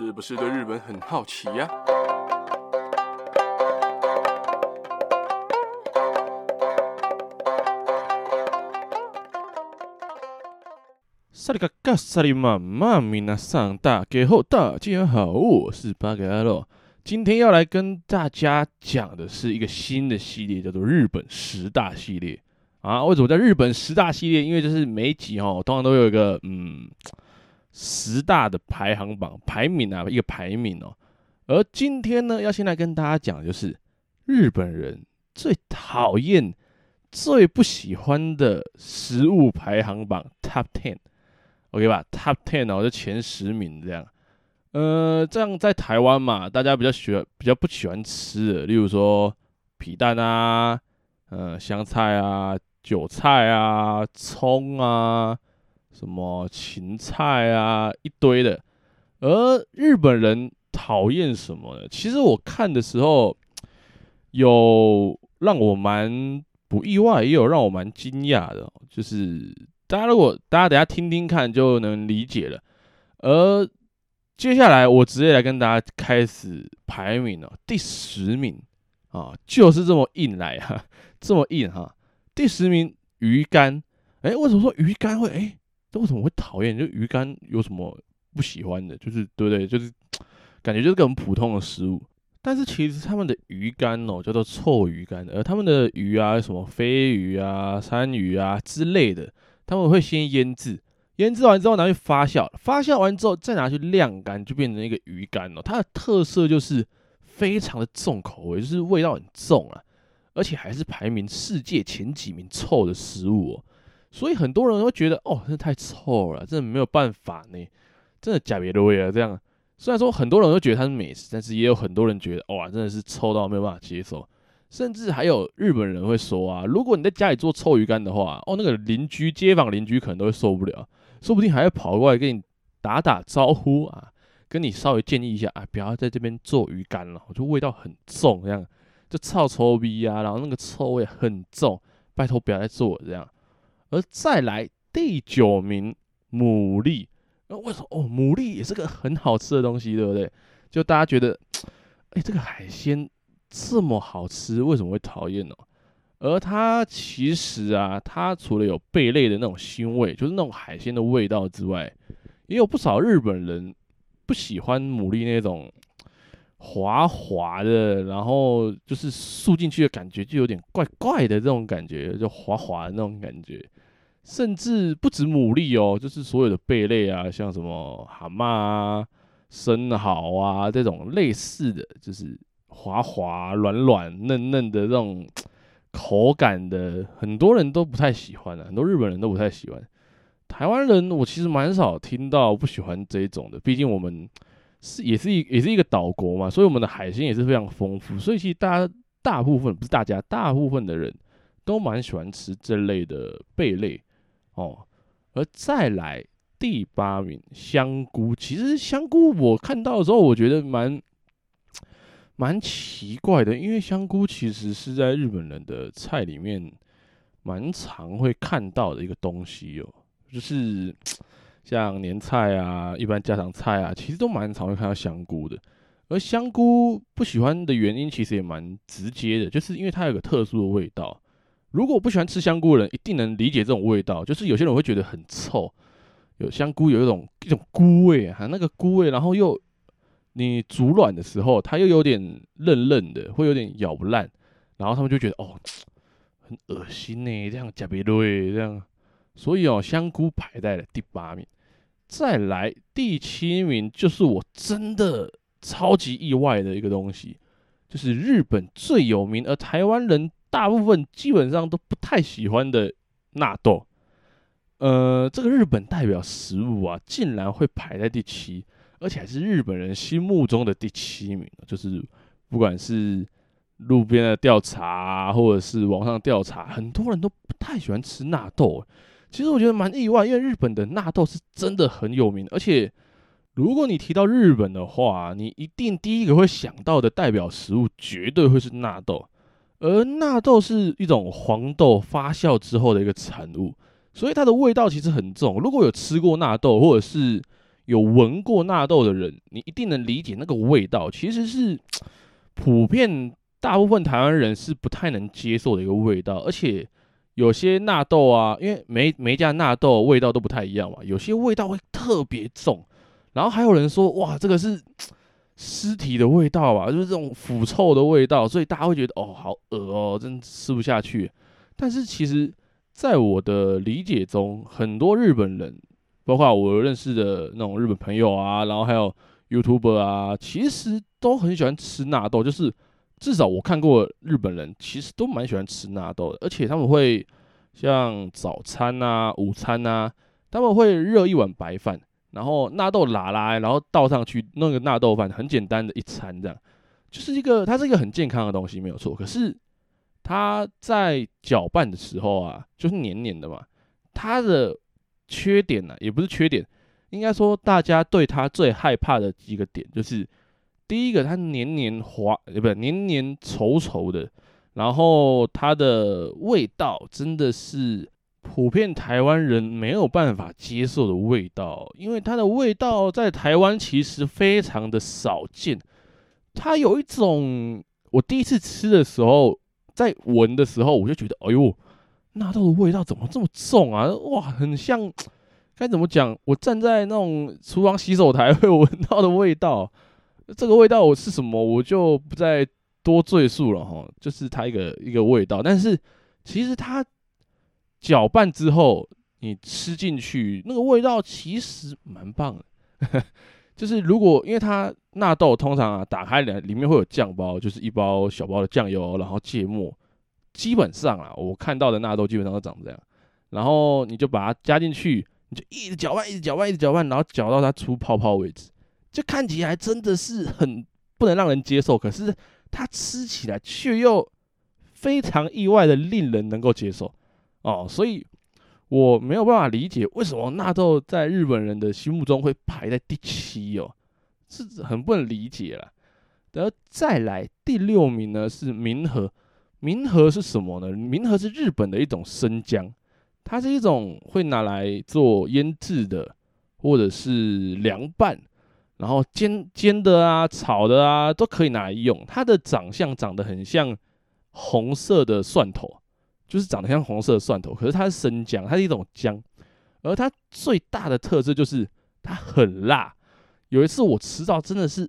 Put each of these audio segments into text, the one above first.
是不是對日本很好奇呀？沙利卡卡沙利瑪瑪米娜桑大家好，大家好，我是巴格阿洛。今天要來跟大家講的是一個新的系列，叫做《日本十大系列》啊。為什麼叫日本十大系列？因為就是每一集哦，通常都有一個嗯。十大的排行榜排名啊，一個排名哦。而今天呢，要先來跟大家講的，就是日本人最討厭、最不喜歡的食物排行榜 Top Ten，OK 吧？Top Ten 哦，就前十名這樣。呃，這樣在台灣嘛，大家比較喜歡、比較不喜歡吃的，例如說皮蛋啊，呃，香菜啊，韭菜啊，蔥啊。什麼芹菜啊，一堆的。而日本人討厭什麼呢？其實我看的時候，有讓我蠻不意外，也有讓我蠻驚訝的、哦。就是大家如果大家等下聽聽看，就能理解了。而接下來我直接來跟大家開始排名了、哦。第十名啊，就是這麼硬來哈、啊，這麼硬哈、啊。第十名魚肝哎、欸，為什麼說魚肝會哎？欸這為什麼會討厭？就魚乾有什麼不喜歡的？就是對不對？就是感覺就是個很普通的食物，但是其實他們的魚乾哦叫做臭魚乾，而他們的魚啊，什麼飛魚啊、山魚啊之類的，他們會先醃製，醃製完之後拿去發酵，發酵完之後再拿去晾乾，就變成一個魚乾哦。它的特色就是非常的重口味，就是味道很重啊，而且還是排名世界前幾名臭的食物哦。所以很多人都覺得，哦，真的太臭了，真的沒有辦法呢，真的假別的味啊這樣。雖然說很多人都覺得它是美食，但是也有很多人覺得，哇，真的是臭到沒有辦法接受。甚至還有日本人會說啊，如果你在家裡做臭魚乾的話，哦，那個鄰居、街坊鄰居可能都會受不了，說不定還會跑過來跟你打打招呼啊，跟你稍微建議一下啊，不要在這邊做魚乾了，我覺得味道很重，這樣就臭臭逼啊，然後那個臭味很重，拜託不要再做了這樣。而再來第九名，牡蠣。那為什麼？哦，牡蠣也是個很好吃的東西，對不對？就大家覺得，哎、欸，這個海鮮這麼好吃，為什麼會討厭呢？而它其實啊，它除了有貝類的那種腥味，就是那種海鮮的味道之外，也有不少日本人不喜歡牡蠣那種。滑滑的，然後就是豎進去的感覺就有點怪怪的這種感覺，就滑滑的那種感覺。甚至不止牡蠣哦，就是所有的貝類啊，像什麼蛤蟆啊、生蠔啊這種類似的，就是滑滑、軟軟、嫩嫩的這種口感的，很多人都不太喜歡啊，很多日本人都不太喜歡，台灣人我其實蠻少聽到不喜歡這一種的，畢竟我們。是，也是一，也是一個島國嘛，所以我們的海鮮也是非常豐富，所以其實大家大部分不是大家，大部分的人都蠻喜歡吃這類的貝類哦。而再來第八名，香菇。其實香菇我看到的時候，我覺得蠻蠻奇怪的，因為香菇其實是在日本人的菜裡面蠻常會看到的一個東西哦，就是。像年菜啊，一般家常菜啊，其實都蠻常會看到香菇的。而香菇不喜歡的原因，其實也蠻直接的，就是因為它有個特殊的味道。如果我不喜歡吃香菇的人，一定能理解這種味道，就是有些人會覺得很臭。有香菇有一種一種菇味，啊，那個菇味，然後又你煮軟的時候，它又有點嫩嫩的，會有點咬不爛，然後他們就覺得哦，很噁心呢、欸，這樣夾別瑞這樣。所以哦，香菇排在了第八名。再來第七名，就是我真的超級意外的一個東西，就是日本最有名而台灣人大部分基本上都不太喜歡的納豆。呃，這個日本代表食物啊，竟然會排在第七，而且還是日本人心目中的第七名，就是不管是路邊的調查啊，或者是網上調查，很多人都不太喜歡吃納豆欸。其實我覺得蠻意外，因為日本的納豆是真的很有名，而且如果你提到日本的話，你一定第一個會想到的代表食物，絕對會是納豆。而納豆是一種黃豆發酵之後的一個產物，所以它的味道其實很重。如果有吃過納豆或者是有聞過納豆的人，你一定能理解那個味道，其實是普遍大部分台灣人是不太能接受的一個味道，而且。有些納豆啊，因為每每一家納豆味道都不太一樣嘛，有些味道會特別重，然後還有人說哇，這個是屍體的味道啊，就是這種腐臭的味道，所以大家會覺得哦好惡哦，真吃不下去。但是其實在我的理解中，很多日本人，包括我認識的那種日本朋友啊，然後還有 YouTuber 啊，其實都很喜歡吃納豆，就是。至少我看過日本人，其實都蠻喜歡吃納豆的，而且他們會像早餐啊、午餐啊，他們會熱一碗白飯，然後納豆拿來，然後倒上去弄個納豆飯，很簡單的一餐這樣，就是一個它是一個很健康的東西沒有錯。可是它在攪拌的時候啊，就是黏黏的嘛，它的缺點呢、啊，也不是缺點，應該說大家對它最害怕的一個點就是。第一個，它黏黏滑，呃、欸，不，黏黏稠稠的，然後它的味道真的是普遍台灣人沒有辦法接受的味道，因為它的味道在台灣其實非常的少見。它有一種，我第一次吃的時候，在聞的時候，我就覺得，哎呦，納豆的味道怎麼這麼重啊？哇，很像該怎麼講？我站在那種廚房洗手台會聞到的味道。這個味道我是什麼，我就不再多贅述了吼，就是它一個一個味道。但是其實它攪拌之後，你吃進去那個味道其實蠻棒的。 就是如果因為它納豆通常啊打開來，裡面會有醬包，就是一包小包的醬油，然後芥末，基本上啊我看到的納豆基本上都長這樣。然後你就把它加進去，你就一直攪拌，一直攪拌，一直攪拌，然後攪到它出泡泡為止。就看起來真的是很不能讓人接受，可是它吃起來卻又非常意外的令人能夠接受哦，所以我沒有辦法理解為什麼納豆在日本人的心目中會排在第七哦，是很不能理解啦。然後再來第六名呢是茗荷，茗荷是什麼呢？茗荷是日本的一種生薑，它是一種會拿來做醃制的或者是涼拌。然後煎煎的啊，炒的啊，都可以拿來用。它的長相長得很像紅色的蒜頭，就是長得像紅色的蒜頭。可是它是生薑，它是一種薑。而它最大的特色就是它很辣。有一次我吃到真的是，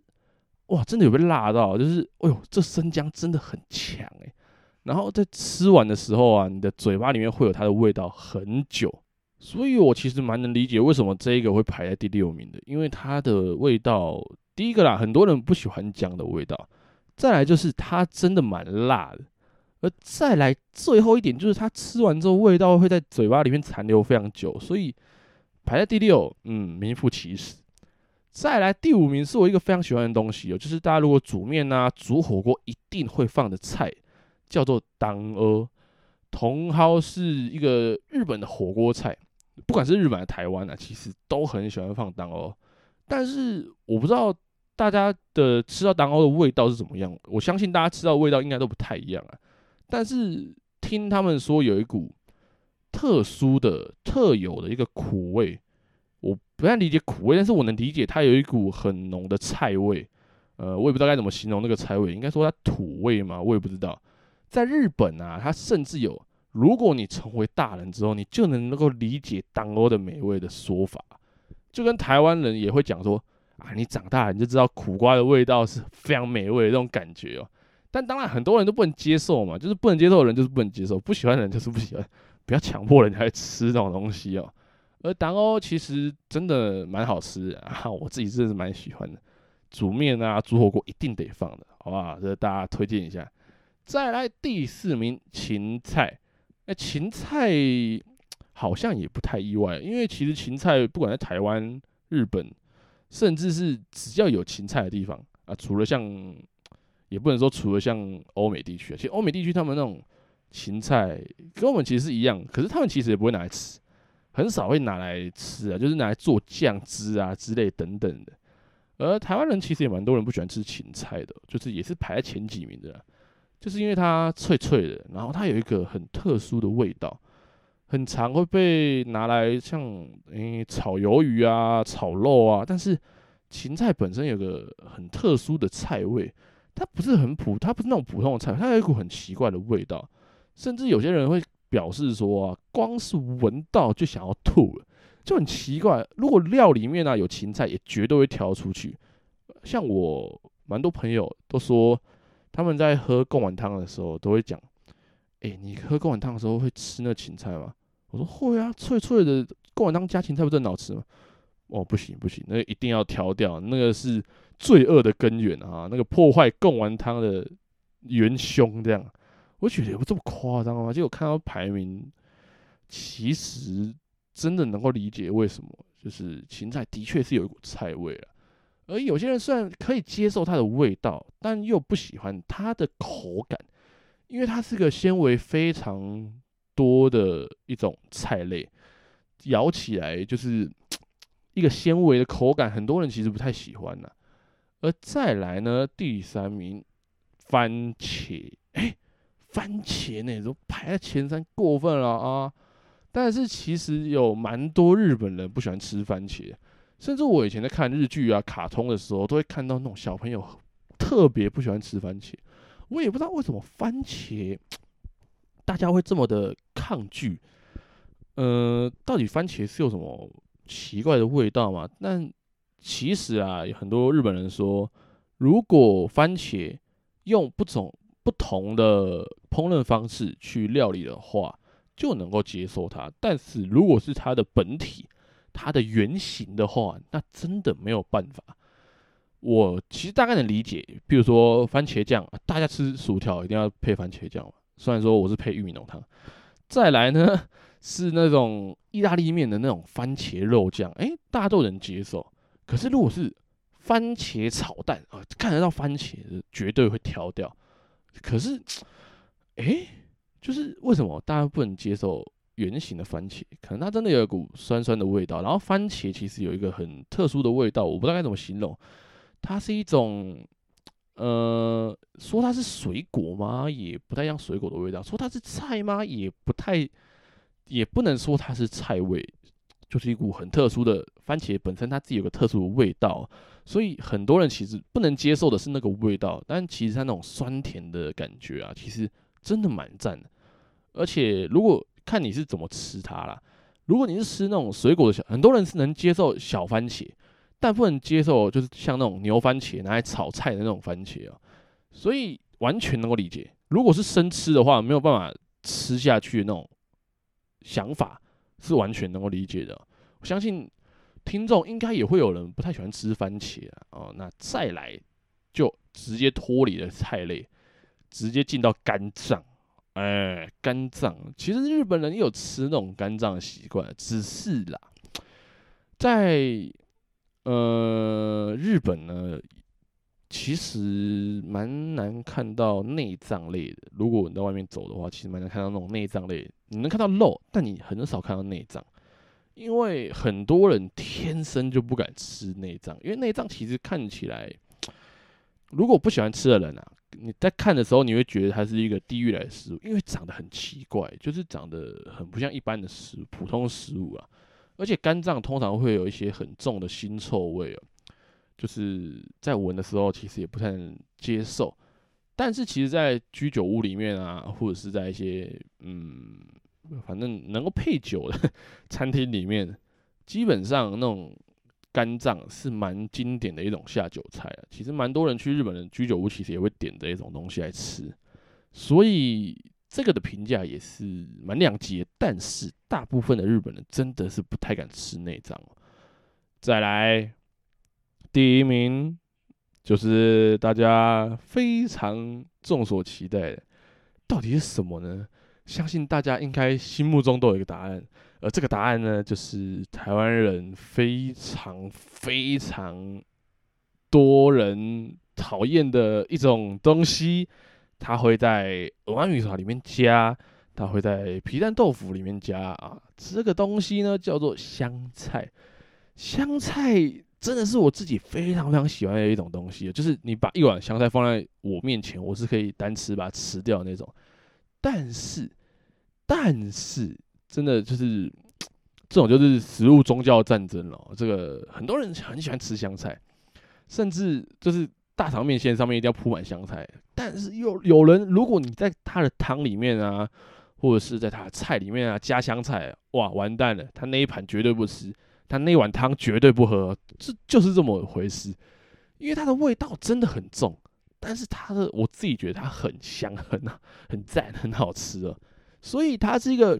哇，真的有被辣到，就是，哎呦，這生薑真的很強欸。然後在吃完的時候啊，你的嘴巴裡面會有它的味道很久。所以我其實蠻能理解為什麼這一個會排在第六名的，因為它的味道，第一個啦，很多人不喜歡薑的味道，再來就是它真的蠻辣的，而再來最後一點就是它吃完之後味道會在嘴巴裡面殘留非常久，所以排在第六，嗯，名副其實。再來第五名是我一個非常喜歡的東西，就是大家如果煮面吶、啊、煮火鍋一定會放的菜，叫做當阿，茼蒿是一個日本的火鍋菜。不管是日本還是台灣啊，其實都很喜歡放蛋糕。但是我不知道大家的吃到蛋糕的味道是怎麼樣。我相信大家吃到的味道應該都不太一樣啊。但是聽他們說有一股特殊的、特有的一個苦味，我不太理解苦味，但是我能理解它有一股很濃的菜味。呃，我也不知道該怎麼形容那個菜味，應該說它土味嘛，我也不知道。在日本啊，它甚至有。如果你成為大人之後，你就能夠理解當歐的美味的說法，就跟台灣人也會講說啊，你長大了，你就知道苦瓜的味道是非常美味的那種感覺哦、喔。但當然很多人都不能接受嘛，就是不能接受的人就是不能接受，不喜歡的人就是不喜歡，不要強迫人家來吃這種東西哦、喔。而當歐其實真的蠻好吃的啊，啊，我自己真的是蠻喜歡的，煮麵啊、煮火鍋一定得放的，好不好？這大家推薦一下。再來第四名，芹菜。哎、欸，芹菜好像也不太意外，因為其實芹菜不管在台灣、日本，甚至是只要有芹菜的地方啊，除了像，也不能說除了像歐美地區啊，其實歐美地區他們那種芹菜跟我們其實是一樣，可是他們其實也不會拿來吃，很少會拿來吃啊，就是拿來做醬汁啊之類等等的。而台灣人其實也蠻多人不喜歡吃芹菜的，就是也是排在前幾名的啦。就是因為它脆脆的，然後它有一個很特殊的味道，很常會被拿來像、欸、炒魷魚啊、炒肉啊。但是芹菜本身有一個很特殊的菜味，它不是很普，它不是那種普通的菜，它有一股很奇怪的味道，甚至有些人會表示說、啊，光是聞到就想要吐了，就很奇怪。如果料裡面呢、啊、有芹菜，也絕對會挑出去。像我蠻多朋友都說。他們在喝貢丸湯的時候都會講：“哎、欸，你喝貢丸湯的時候會吃那芹菜嗎？”我說：“會啊，脆脆的貢丸湯加芹菜不很好吃嗎？”哦，不行不行，那個一定要挑掉，那個是罪惡的根源啊，那個破壞貢丸湯的元凶。這樣，我覺得也不這麼誇張啊，結果看到排名，其實真的能夠理解為什麼，就是芹菜的確是有一股菜味啊。而有些人雖然可以接受它的味道，但又不喜歡它的口感，因為它是個纖維非常多的一種菜類，咬起來就是一個纖維的口感，很多人其實不太喜歡啊。而再來呢，第三名，番茄，哎、欸，番茄呢、欸、都排在前三，過分了啊，啊！但是其實有蠻多日本人不喜歡吃番茄。甚至我以前在看日劇啊、卡通的時候，都會看到那種小朋友特別不喜歡吃番茄。我也不知道為什麼番茄大家會這麼的抗拒。呃，到底番茄是有什麼奇怪的味道嗎？但其實啊，很多日本人說，如果番茄用不同不同的烹飪方式去料理的話，就能夠接受它。但是如果是它的本體，它的原型的話，那真的沒有辦法。我其實大概能理解，比如說番茄醬，大家吃薯條一定要配番茄醬嘛，雖然說我是配玉米濃湯。再來呢是那種意大利麵的那種番茄肉醬，誒、欸，大家都能接受。可是如果是番茄炒蛋啊、呃，看得到番茄，絕對會挑掉。可是，哎、欸，就是為什麼大家不能接受？圓形的番茄，可能它真的有一股酸酸的味道。然後番茄其實有一個很特殊的味道，我不知道該怎麼形容。它是一種，呃，說它是水果嗎？也不太像水果的味道。說它是菜嗎？也不太，也不能說它是菜味。就是一股很特殊的番茄本身，它自己有個特殊的味道。所以很多人其實不能接受的是那個味道，但其實它那種酸甜的感覺啊，其實真的蠻讚的。而且如果看你是怎麼吃它了。如果你是吃那種水果的小，很多人是能接受小番茄，但不能接受就是像那種牛番茄拿來炒菜的那種番茄哦，所以完全能夠理解，如果是生吃的話，沒有辦法吃下去的那種想法是完全能夠理解的喔。我相信聽眾應該也會有人不太喜歡吃番茄啊。哦，那再來就直接脫離了菜類，直接進到肝臟。哎、欸，肝臟其實日本人也有吃那種肝臟的習慣，只是啦，在呃日本呢，其實蠻難看到內臟類的。如果你在外面走的話，其實蠻難看到那種內臟類的。你能看到肉，但你很少看到內臟，因為很多人天生就不敢吃內臟，因為內臟其實看起來，如果不喜歡吃的人啊。你在看的時候，你會覺得它是一個地獄來的食物，因為長得很奇怪，就是長得很不像一般的食物、普通食物啊，而且肝臟通常會有一些很重的腥臭味啊、喔，就是在聞的時候其實也不太能接受。但是其實在居酒屋裡面啊，或者是在一些嗯，反正能夠配酒的 餐廳裡面，基本上那種。肝臟是蠻經典的一種下酒菜啊，其實蠻多人去日本的居酒屋其實也會點的一種東西來吃，所以這個的評價也是蠻兩極，但是大部分的日本人真的是不太敢吃內臟啊。再來第一名就是大家非常眾所期待的，到底是什麼呢？相信大家應該心目中都有一個答案。而這個答案呢，就是台灣人非常非常多人討厭的一種東西，它會在碗魚粉裡面加，它會在皮蛋豆腐裡面加啊。這個東西呢，叫做香菜。香菜真的是我自己非常非常喜歡的一種東西，就是你把一碗香菜放在我面前，我是可以單吃把它吃掉的那種。但是，但是。真的就是，這種就是食物宗教戰爭了喔。這個很多人很喜歡吃香菜，甚至就是大腸麵線上面一定要鋪滿香菜。但是有有人，如果你在他的湯裡面啊，或者是在他的菜裡面啊加香菜，哇，完蛋了！他那一盤絕對不吃，他那碗湯絕對不喝。這就，就是這麼回事，因為它的味道真的很重。但是它的，我自己覺得它很香、很很讚、很好吃啊喔。所以它是一個。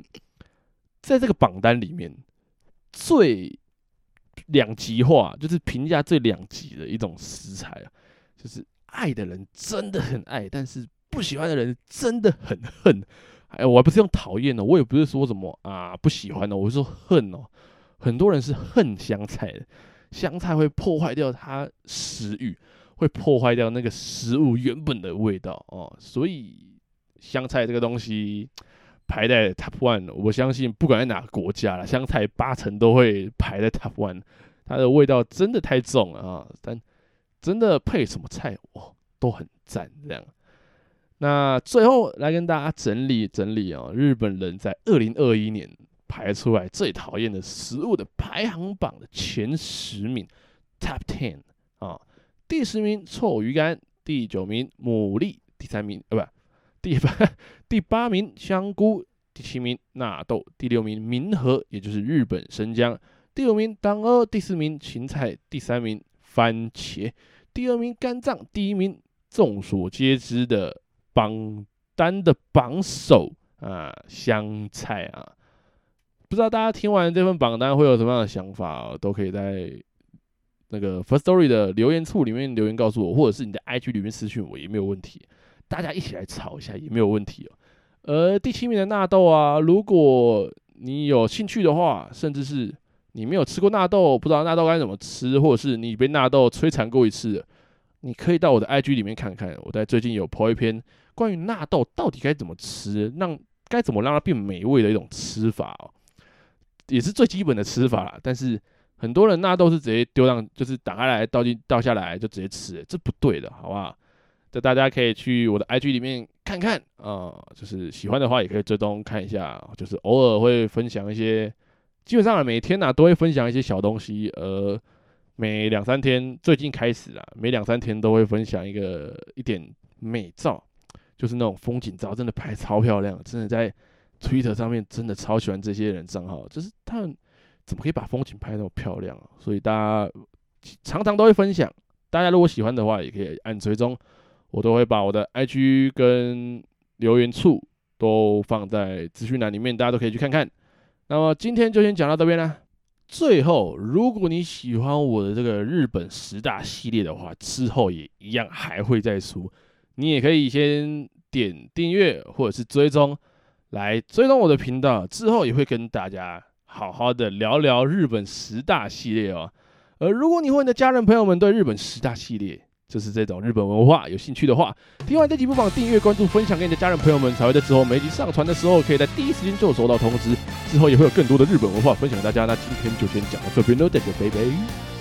在這個榜單裡面，最兩極化就是評價最兩極的一種食材啊，就是愛的人真的很愛，但是不喜歡的人真的很恨。哎，我還不是用討厭呢，哦，我也不是說什麼啊不喜歡的，哦，我是說恨哦。很多人是恨香菜的，香菜會破壞掉它食欲，會破壞掉那個食物原本的味道哦。所以香菜這個東西。排在 top one，我相信不管在哪個國家啦，香菜八成都會排在 top one，它的味道真的太重了啊！但真的配什麼菜哦都很讚這樣。那最後來跟大家整理整理啊，日本人在二零二一年排出來最討厭的食物的排行榜的前十名 top ten 啊，第十名臭魚乾，第九名牡蠣，第三名啊不。第八第八名香菇，第七名納豆，第六名明和，也就是日本生薑，第五名當二，第四名芹菜，第三名番茄，第二名肝臟，第一名眾所皆知的榜單的榜首啊，香菜啊，不知道大家聽完這份榜單會有什麼樣的想法哦，都可以在那個 Firstory 的留言處裡面留言告訴我，或者是你在 IG 裡面私信我也沒有問題。大家一起來炒一下也沒有問題哦。而、呃、第七名的納豆啊，如果你有興趣的話，甚至是你沒有吃過納豆，不知道納豆該怎麼吃，或者是你被納豆摧殘過一次，你可以到我的 IG 裡面看看，我在最近有 po 一篇關於納豆到底該怎麼吃，讓該怎麼讓它變美味的一種吃法哦，也是最基本的吃法啦。但是很多人納豆是直接丟上，就是打開來倒進倒下來就直接吃，這不對的，好不好？就大家可以去我的 IG 裡面看看啊、嗯，就是喜歡的話也可以追蹤看一下，就是偶爾會分享一些，基本上每天吶、啊、都會分享一些小東西，而每兩三天，最近開始啊，每兩三天都會分享一個一點美照，就是那種風景照，真的拍超漂亮，真的在 Twitter 上面真的超喜歡這些人賬號，就是他們怎麼可以把風景拍那麼漂亮、啊，所以大家常常都會分享，大家如果喜歡的話也可以按追蹤。我都會把我的 IG 跟留言處都放在資訊欄裡面，大家都可以去看看。那麼今天就先講到這邊啦、啊。最後，如果你喜歡我的這個日本十大系列的話，之後也一樣還會再出，你也可以先點訂閱或者是追蹤來追蹤我的頻道，之後也會跟大家好好的聊聊日本十大系列哦。而如果你或你的家人朋友們對日本十大系列，就是這種日本文化，有興趣的話，聽完這集不妨訂閱關、關注、分享給你的家人朋友們，才會在之後每集上傳的時候，可以在第一時間就收到通知。之後也會有更多的日本文化分享給大家。那今天就先講到這邊了，大家拜拜。